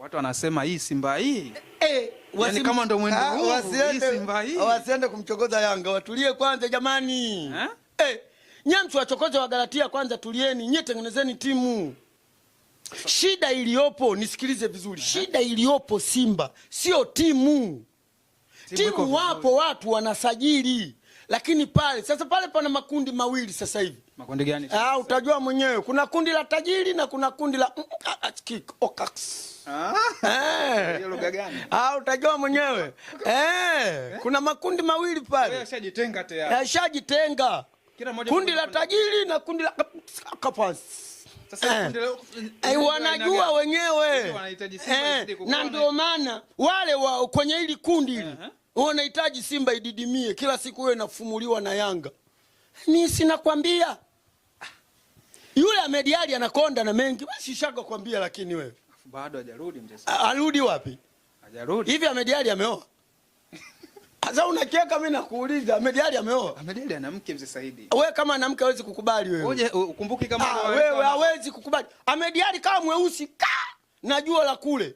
Watu wanasema hii Simba hii eh, yani kama ndo mwendo huu, wasiende Simba hii, wasiende kumchokoza Yanga, watulie kwanza jamani eh, eh nyie msiwachokoze wa Galatia kwanza, tulieni nyie, tengenezeni timu. Shida iliyopo, nisikilize vizuri, shida iliyopo Simba sio timu. Timu, timu wapo watu wanasajili lakini pale sasa, pale pana makundi mawili sasa hivi. Makundi gani? Ah, utajua mwenyewe, kuna kundi la tajiri na kuna kundi la mm, ah, ah, oh, ah. Eh. ah, utajua mwenyewe eh. eh, kuna makundi mawili pale, yashajitenga tayari, yashajitenga eh, kundi la tajiri na kundi la sasa eh, wanajua wenyewe eh, na ndio maana wale wa kwenye hili kundi hili uh -huh. Unahitaji Simba ididimie, kila siku wewe inafumuliwa na Yanga. Mimi sinakwambia yule amediali anakonda na mengi, basi shaka kwambia, lakini wewe bado hajarudi mzee. Arudi wapi? Hajarudi. Hivi amediali ameoa? Sasa unakiweka mimi nakuuliza Amediali ameoa? Amediali ana mke mzee Saidi. Wewe kama ana mke hawezi kukubali wewe. Ngoja ukumbuki kama ah, wewe hawezi kukubali. Amediali kama mweusi ka na jua la kule.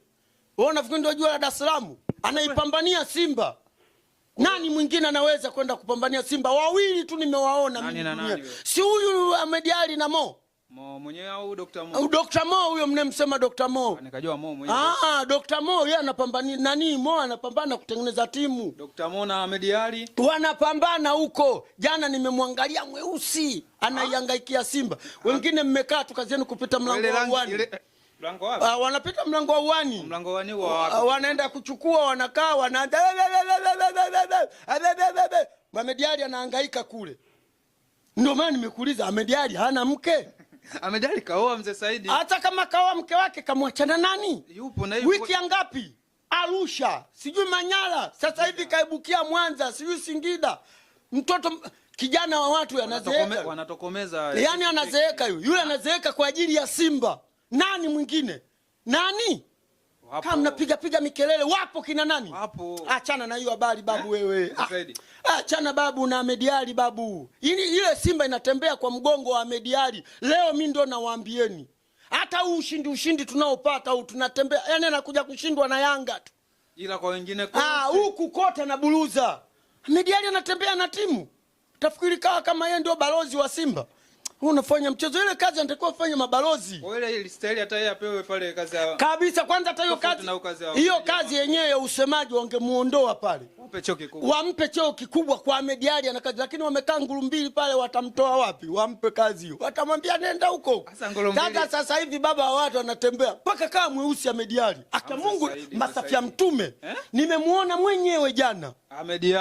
Wewe unafikiri ndio jua la Dar es Salaam? Anaipambania Simba. Nani mwingine anaweza kwenda kupambania Simba? Wawili tu nimewaona mimi na si huyu Ahmed na Mo Mo mwenyewe au Dr. Mo? Dr. Mo huyo mnemsema Dr. Mo. Ah, nikajua Mo mwenyewe. Ah, Dr. Mo yeye anapambania nani? Mo anapambana kutengeneza timu. Dr. Mo na Ahmed wanapambana huko. Jana nimemwangalia mweusi anaiangaikia Simba. Ah. Wengine mmekaa tu kupita mlango wa uwanja mlango wapi? Uh, wanapita mlango wa uani. Mlango wani wa wapi? wanaenda kuchukua, wanakaa, wana Mohamed anahangaika kule. Ndio maana nimekuuliza Ahmed hana mke? Ahmed kaoa mzee Saidi. Hata kama kaoa mke wake kamwachana nani? Yupo na yupo. Wiki ngapi? Arusha, sijui Manyara, sasa hivi kaibukia Mwanza, sijui Singida. Mtoto kijana wa watu anazeeka. Wanatokomeza. Yaani anazeeka yule. Yule anazeeka kwa ajili ya Simba nani mwingine? Nani kama mnapiga piga mikelele? Wapo kina nani? Wapo. Achana na hiyo habari babu eh? wewe. Ah, achana babu na mediali babu. Ili ile Simba inatembea kwa mgongo wa mediali Leo mimi ndio nawaambieni. Hata huu ushindi ushindi tunaopata huu tunatembea, yaani anakuja kushindwa na Yanga tu. Ila kwa wengine kwa ah, huku kote na buluza mediali anatembea na timu. Tafikiri kawa kama yeye ndio balozi wa Simba unafanya mchezo. Ile kazi anatakiwa kufanya mabalozi ile staili hata yeye apewe pale kazi kabisa. Kwanza hata hiyo kazi hiyo kazi yenyewe ya usemaji wangemuondoa pale, wampe cheo kikubwa Wampe kikubwa kwa Ahmed Ally ana kazi, lakini wamekaa nguru mbili pale, watamtoa wapi? Wampe kazi hiyo, watamwambia nenda huko. Sasa sasa hivi baba wa watu anatembea paka kama mweusi Ahmed Ally, aka Mungu masafia mtume eh? Nimemuona mwenyewe jana Ahmed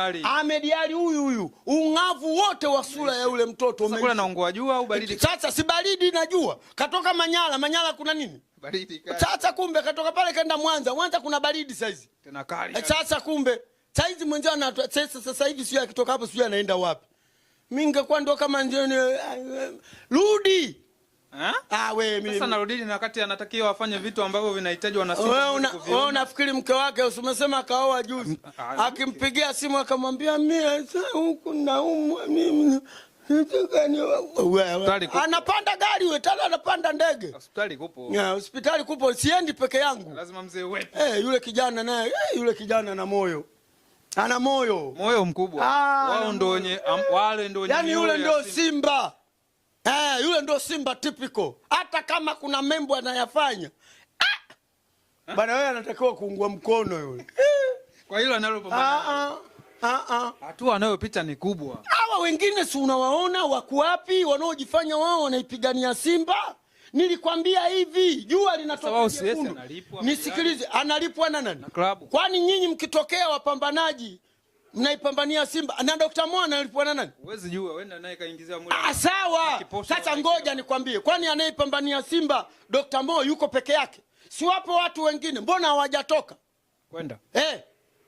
Ally huyu huyu, ung'avu wote wa sura ya yule mtoto naongoa jua au baridi. Sasa si baridi, najua katoka Manyara. Manyara kuna nini? Baridi kali. Sasa kumbe katoka pale kaenda Mwanza. Mwanza kuna baridi sasa hizi. tena kali. Eh, sasa kumbe sasa hizi mwenzie anatoa sasa, sasa hivi sio akitoka hapo sio anaenda wapi? Mimi ningekuwa ndo kama ndio eh, eh, rudi Ha? Ah, we, mimi. Sasa narudi na wakati anatakiwa afanye vitu ambavyo vinahitaji wana Simba. Wewe una, wewe unafikiri mke wake usimesema kaoa juzi. Ah, Akimpigia simu akamwambia mimi huku naumwa mimi anapanda gari we tala, anapanda ndege. Hospitali kupo. Yeah, hospitali kupo, siendi peke yangu. Lazima mzee wetu. Eh, hey, yule kijana naye, hey, eh, yule kijana na moyo. Ana moyo. Moyo mkubwa. Ah, wao ndio wenye wale ndio wenye. Yaani yule ndio Simba. Eh, yule ndio Simba typical. Hata kama kuna membo anayafanya. Ah! Ha? Bana wewe anatakiwa kuungwa mkono yule. Kwa hilo analopambana. Ah ah. Ah, ah ah. Hatua anayopita ni kubwa hawa wengine si unawaona wako wapi, wanaojifanya wao wanaipigania Simba? Nilikwambia hivi jua linatoka jekundu. Nisikilize, analipwa na nani? Kwani nyinyi mkitokea wapambanaji mnaipambania Simba na Dr. Mo analipwa na nani? jua, wenda naye kaingizia mule. Ah, sawa. Sasa ngoja nikwambie, kwani anayepambania Simba Dr. Mo yuko peke yake? Si wapo watu wengine, mbona hawajatoka kwenda? Eh,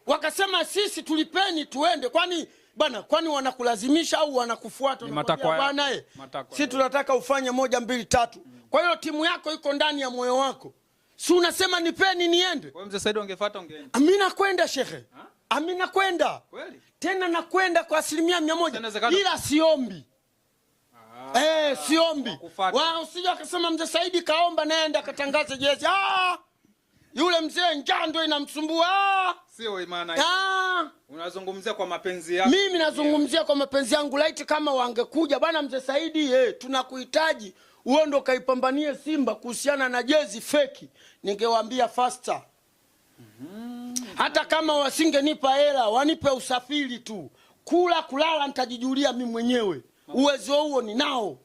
wakasema sisi tulipeni tuende, kwani bwana, kwani wanakulazimisha au wanakufuata? Bwana e, si tunataka ufanye moja mbili tatu. Mm. Kwa hiyo timu yako iko ndani ya moyo wako, si unasema nipeni niende. Kwa mzee Said ungefuata ungeenda. Amina, nakwenda shekhe, amina, nakwenda tena, nakwenda kwa asilimia mia moja, ila siombi ah. eh, siombi. Usije akasema mzee Saidi kaomba naenda akatangaza jezi ah yule mzee njaa ndo inamsumbua, sio ah. Unazungumzia kwa mapenzi yako. Mimi nazungumzia kwa mapenzi yangu. Laiti kama wangekuja bwana mzee Saidi, eh, tunakuhitaji uo ndo kaipambanie Simba kuhusiana na jezi feki, ningewaambia faster. Mhm. Hata kama wasingenipa hela, wanipe usafiri tu, kula kulala, nitajijulia mimi mwenyewe. Uwezo huo ninao.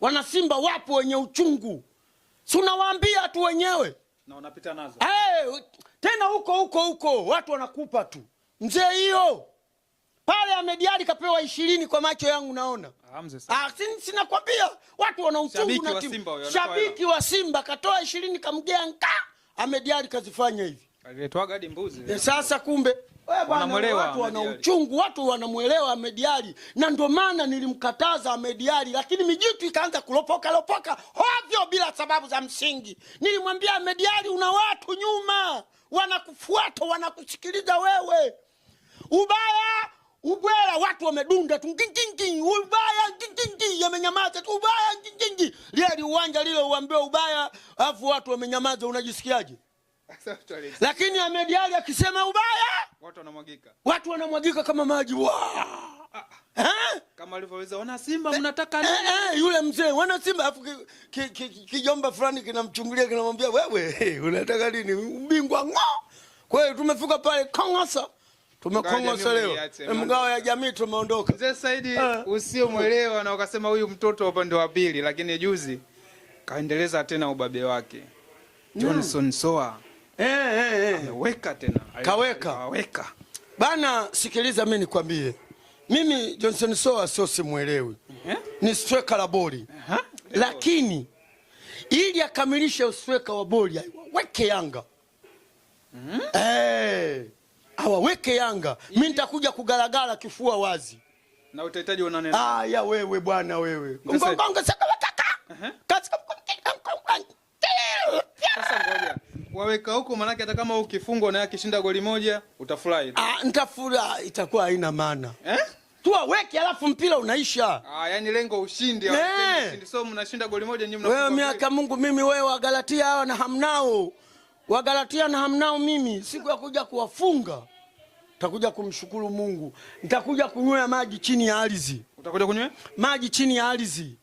Wanasimba wapo wenye uchungu, si unawaambia tu wenyewe na unapita nazo. Hey, tena huko huko huko watu wanakupa tu mzee, hiyo pale amediari kapewa ishirini kwa macho yangu naona. Ah, ah sinakwambia watu wana uchungu na timu. Shabiki wa Simba katoa ishirini kamgea nka amediari kazifanya hivi. mbuzi. Eh, sasa kumbe Eh, watu wana uchungu, watu wanamwelewa Mediali, na ndio maana nilimkataza Mediali, lakini mijitu ikaanza kulopoka lopoka hovyo bila sababu za msingi. Nilimwambia mediali una watu nyuma wanakufuata, wanakusikiliza wewe. Ubaya ubwela, watu wamedunda tu ngingingi, ubaya ngingingi, yamenyamaza tu ubaya ngingingi. Lile uwanja lile uambiwa ubaya, afu watu wamenyamaza, unajisikiaje? lakini amediali akisema ubaya watu wanamwagika, watu wanamwagika kama maji ah, ah. Eh, eh, eh, yule mzee wana simba, afu kijomba fulani kinamchungulia kinamwambia, wewe unataka nini? Ubingwa ng'o. Kwa hiyo tumefika pale Kongosa, tumekongosa leo, mgao ya jamii tumeondoka. Mzee Saidi usiomwelewa na ukasema huyu mtoto wa upande wa pili, lakini juzi kaendeleza tena ubabe wake Johnson Soa Eh, eh, eh, ameweka tena kaweka kaweka Bana, sikiliza, mimi nikwambie, mimi Johnson Soa sio simwelewi eh? ni striker la boli uh lakini ili akamilishe ustriker wa boli aweke Yanga mm -hmm. eh, awaweke Yanga Iti... mimi nitakuja kugaragara kifua wazi na utahitaji una neno ah, ya wewe bwana wewe. Ngongongo sasa kaka. Kazi kwa kaka. Sasa ngoja waweka huko, manake hata kama ukifungwa na akishinda goli moja utafurahi. Ah, nitafurahi, itakuwa haina maana eh? Tuwaweke alafu mpira unaisha. Ah, yani lengo ushindi, ushindi. So mnashinda goli moja nyinyi mnafunga. Wewe miaka Mungu mimi wewe Wagalatia hawa na hamnao. Wagalatia na hamnao mimi siku ya kuja kuwafunga. Nitakuja kumshukuru Mungu. Nitakuja kunywea maji chini ya ardhi. Utakuja kunywea? Maji chini ya ardhi.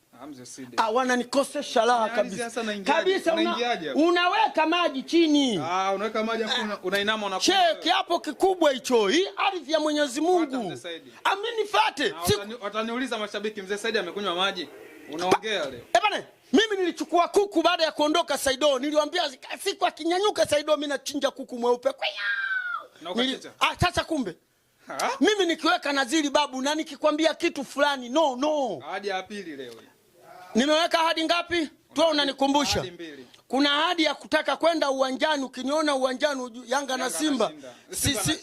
Ah, wananikosesha raha yaani kabisa. Kabisa una, unaweka maji chini. Ah, unaweka maji afu unainama una Cheki hapo kikubwa hicho. Hii ardhi ya Mwenyezi Mungu. Amini fate. Wataniuliza mashabiki mzee Saidi amekunywa maji. Unaongea leo. Eh bana, mimi nilichukua kuku baada ya kuondoka Saido. Niliwambia siku akinyanyuka Saido mimi nachinja kuku mweupe. Ah, sasa kumbe. Ha? Mimi nikiweka naziri babu na nikikwambia kitu fulani no no. Hadi ya pili leo. Nimeweka hadi ngapi? Tua unanikumbusha. Kuna ahadi ya kutaka kwenda uwanjani, ukiniona uwanjani Yanga na Simba,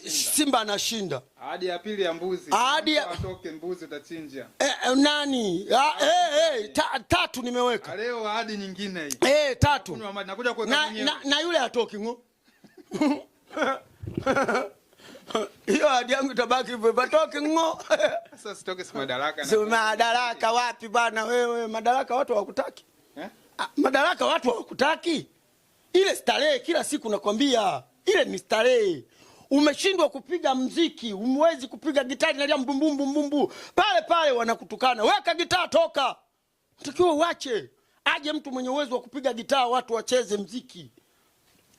Simba anashinda. Ahadi ya pili ya mbuzi. Ahadi ya atoke mbuzi utachinja. Eh, eh nani? ah, Eh, eh, ta, tatu nimeweka. Ah, leo ahadi nyingine hii. Eh, tatu. na, na, Na yule atoki ngo. kadi yangu itabaki hivyo, patoke ng'o. Sasa sitoke si madaraka na si madaraka wapi bwana wewe, madaraka watu hawakutaki eh? Ah, madaraka watu hawakutaki. Ile starehe kila siku nakwambia, ile ni starehe. Umeshindwa kupiga mziki, umwezi kupiga gitari, nalia mbumbumbumbu pale pale, wanakutukana weka gitaa, toka. Takiwa uache, aje mtu mwenye uwezo wa kupiga gitaa, watu wacheze mziki.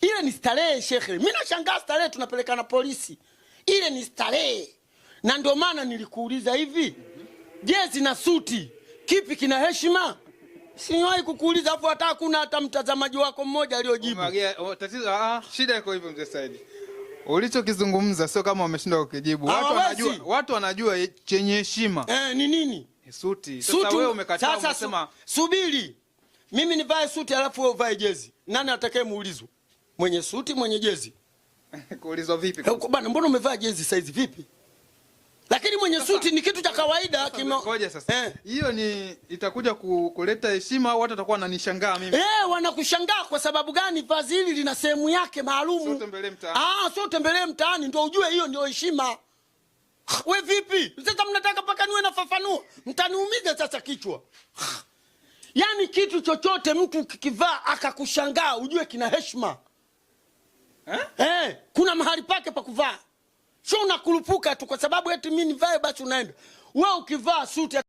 Ile ni starehe shekhe. Mimi nashangaa starehe, tunapelekana polisi ile ni starehe, na ndio maana nilikuuliza hivi, jezi na suti kipi kina heshima? Siwahi kukuuliza afu hata hakuna hata mtazamaji wako mmoja aliyojibu. Oh, tatizo ah, shida iko hivyo mzee Saidi. Ulichokizungumza sio kama wameshindwa kukijibu. Watu wanajua, watu wanajua chenye heshima. Eh, ni nini? Suti. Sasa wewe umekataa umesema subiri. Mimi nivae suti alafu wewe uvae jezi. Nani atakayemuulizwa? Mwenye suti, mwenye jezi. Kuulizwa vipi? Eh, Bwana, mbona umevaa jezi size vipi? Lakini mwenye sasa, suti ni kitu cha kawaida kimo. Ngoja sasa. Eh. Hiyo eh, ni itakuja ku, kuleta heshima au watu watakuwa wananishangaa mimi. Eh, wanakushangaa kwa sababu gani vazi hili lina sehemu yake maalum. Sio tembelee mtaani. Ah, sio tembelee mtaani ndio ujue hiyo ndio heshima. Ah, we vipi? Sasa mnataka paka niwe nafafanua. Mtaniumiza sasa kichwa. Ah, yaani kitu chochote mtu kikivaa akakushangaa ujue kina heshima eh? Eh, kuna mahali pake pa kuvaa, sio unakurupuka tu kwa sababu eti mimi nivae basi unaenda. Wewe ukivaa suti